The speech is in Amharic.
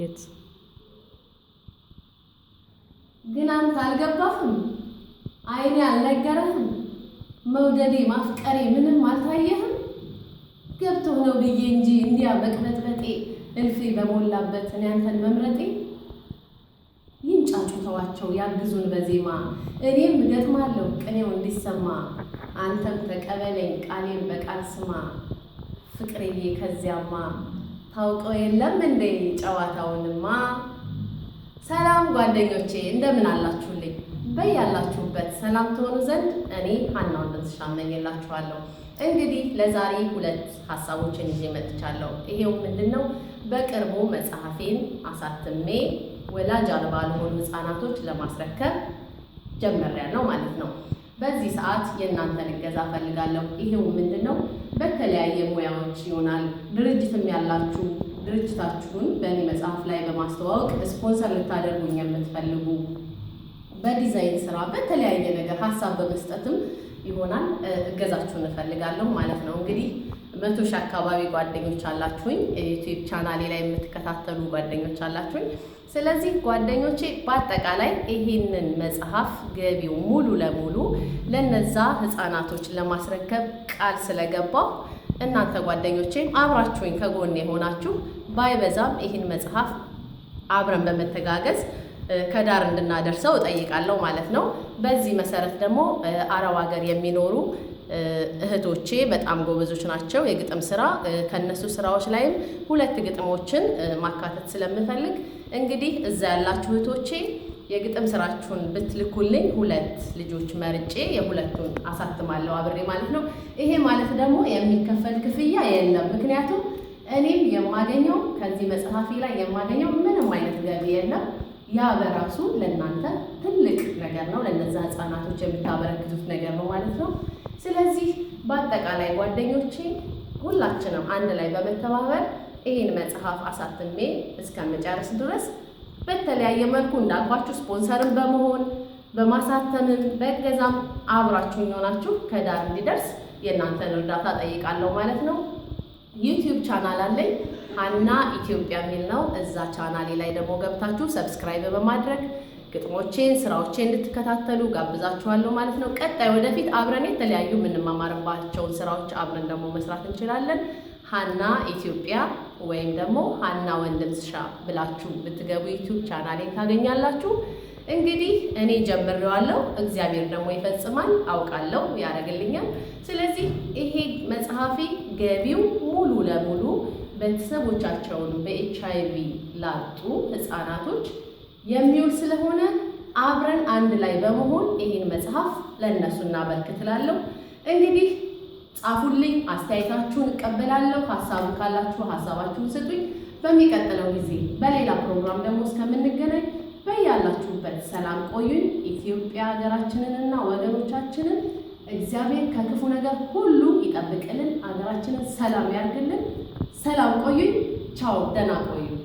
የት ግን አንተ አልገባህም? አይኔ አልነገረህም? መውደዴ ማፍቀሬ ምንም አልታየህም? ገብቶ ነው ብዬ እንጂ እንዲያ በቅበጥበጤ እልፌ በሞላበት እኔ አንተን መምረጤ። ይንጫጩ ተዋቸው ያግዙን በዜማ እኔም እገጥማለሁ ቅኔው እንዲሰማ አንተም ተቀበለኝ ቃሌን በቃል ስማ ፍቅርዬ ከዚያማ ታውቀው የለም እንዴ ጨዋታውንማ። ሰላም ጓደኞቼ እንደምን አላችሁልኝ? በያላችሁበት ሰላም ትሆኑ ዘንድ እኔ ሀናውን ተሻመኝላችኋለሁ። እንግዲህ ለዛሬ ሁለት ሀሳቦችን ይዤ መጥቻለሁ። ይሄው ምንድን ነው በቅርቡ መጽሐፌን አሳትሜ ወላጅ አልባ ለሆኑ ህጻናቶች ለማስረከብ ጀመሪያ ነው ማለት ነው። በዚህ ሰዓት የእናንተን እገዛ ፈልጋለሁ። ይሄው ምንድን ነው በተለያየ ሙያዎች ይሆናል። ድርጅትም ያላችሁ ድርጅታችሁን በእኔ መጽሐፍ ላይ በማስተዋወቅ ስፖንሰር ልታደርጉኝ የምትፈልጉ በዲዛይን ስራ፣ በተለያየ ነገር ሀሳብ በመስጠትም ይሆናል እገዛችሁን እፈልጋለሁ ማለት ነው እንግዲህ መቶ ሺህ አካባቢ ጓደኞች አላችሁኝ። ዩቲዩብ ቻናሌ ላይ የምትከታተሉ ጓደኞች አላችሁኝ። ስለዚህ ጓደኞቼ በአጠቃላይ ይህንን መጽሐፍ ገቢው ሙሉ ለሙሉ ለነዛ ህፃናቶች ለማስረከብ ቃል ስለገባው እናንተ ጓደኞቼም አብራችሁኝ ከጎን የሆናችሁ ባይበዛም ይህን መጽሐፍ አብረን በመተጋገዝ ከዳር እንድናደርሰው እጠይቃለሁ ማለት ነው። በዚህ መሰረት ደግሞ አረብ ሀገር የሚኖሩ እህቶቼ በጣም ጎበዞች ናቸው የግጥም ስራ። ከነሱ ስራዎች ላይም ሁለት ግጥሞችን ማካተት ስለምፈልግ እንግዲህ እዛ ያላችሁ እህቶቼ የግጥም ስራችሁን ብትልኩልኝ ሁለት ልጆች መርጬ የሁለቱን አሳትማለሁ አብሬ ማለት ነው። ይሄ ማለት ደግሞ የሚከፈል ክፍያ የለም። ምክንያቱም እኔም የማገኘው ከዚህ መጽሐፊ ላይ የማገኘው ምንም አይነት ገቢ የለም። ያ በራሱ ለእናንተ ትልቅ ነገር ነው። ለነዛ ህፃናቶች የምታበረክቱት ነገር ነው ማለት ነው። ስለዚህ በአጠቃላይ ጓደኞቼ ሁላችንም አንድ ላይ በመተባበር ይህን መጽሐፍ አሳትሜ እስከመጨረስ ድረስ በተለያየ መልኩ እንዳልኳችሁ ስፖንሰርም በመሆን በማሳተምም በገዛም አብራችሁ የሆናችሁ ከዳር እንዲደርስ የእናንተን እርዳታ ጠይቃለሁ ማለት ነው። ዩቲዩብ ቻናል አለኝ ሀና ኢትዮጵያ የሚል ነው። እዛ ቻናሌ ላይ ደግሞ ገብታችሁ ሰብስክራይብ በማድረግ ግጥሞቼን፣ ስራዎቼን እንድትከታተሉ ጋብዛችኋለሁ ማለት ነው። ቀጣይ ወደፊት አብረን የተለያዩ የምንማማርባቸውን ስራዎች አብረን ደግሞ መስራት እንችላለን። ሀና ኢትዮጵያ ወይም ደግሞ ሀና ወንድምሻ ብላችሁ ብትገቡ ዩቲዩብ ቻናሌን ታገኛላችሁ። እንግዲህ እኔ ጀምሬዋለሁ፣ እግዚአብሔር ደግሞ ይፈጽማል፣ አውቃለሁ፣ ያደርግልኛል። ስለዚህ ይሄ መጽሐፌ ገቢው ሙሉ ለሙሉ ቤተሰቦቻቸውን በኤች አይ ቪ ላጡ ህፃናቶች የሚውል ስለሆነ አብረን አንድ ላይ በመሆን ይህን መጽሐፍ ለእነሱ እናበርክትላለሁ። እንግዲህ ጻፉልኝ፣ አስተያየታችሁን እቀበላለሁ። ሀሳቡ ካላችሁ ሀሳባችሁን ስጡኝ። በሚቀጥለው ጊዜ በሌላ ፕሮግራም ደግሞ እስከምንገናኝ በያላችሁበት ሰላም ቆዩኝ። ኢትዮጵያ ሀገራችንንና ወገኖቻችንን እግዚአብሔር ከክፉ ነገር ሁሉ ይጠብቅልን። ሀገራችንን ሰላም ያርግልን። ሰላም ቆዩኝ። ቻው፣ ደህና ቆዩ።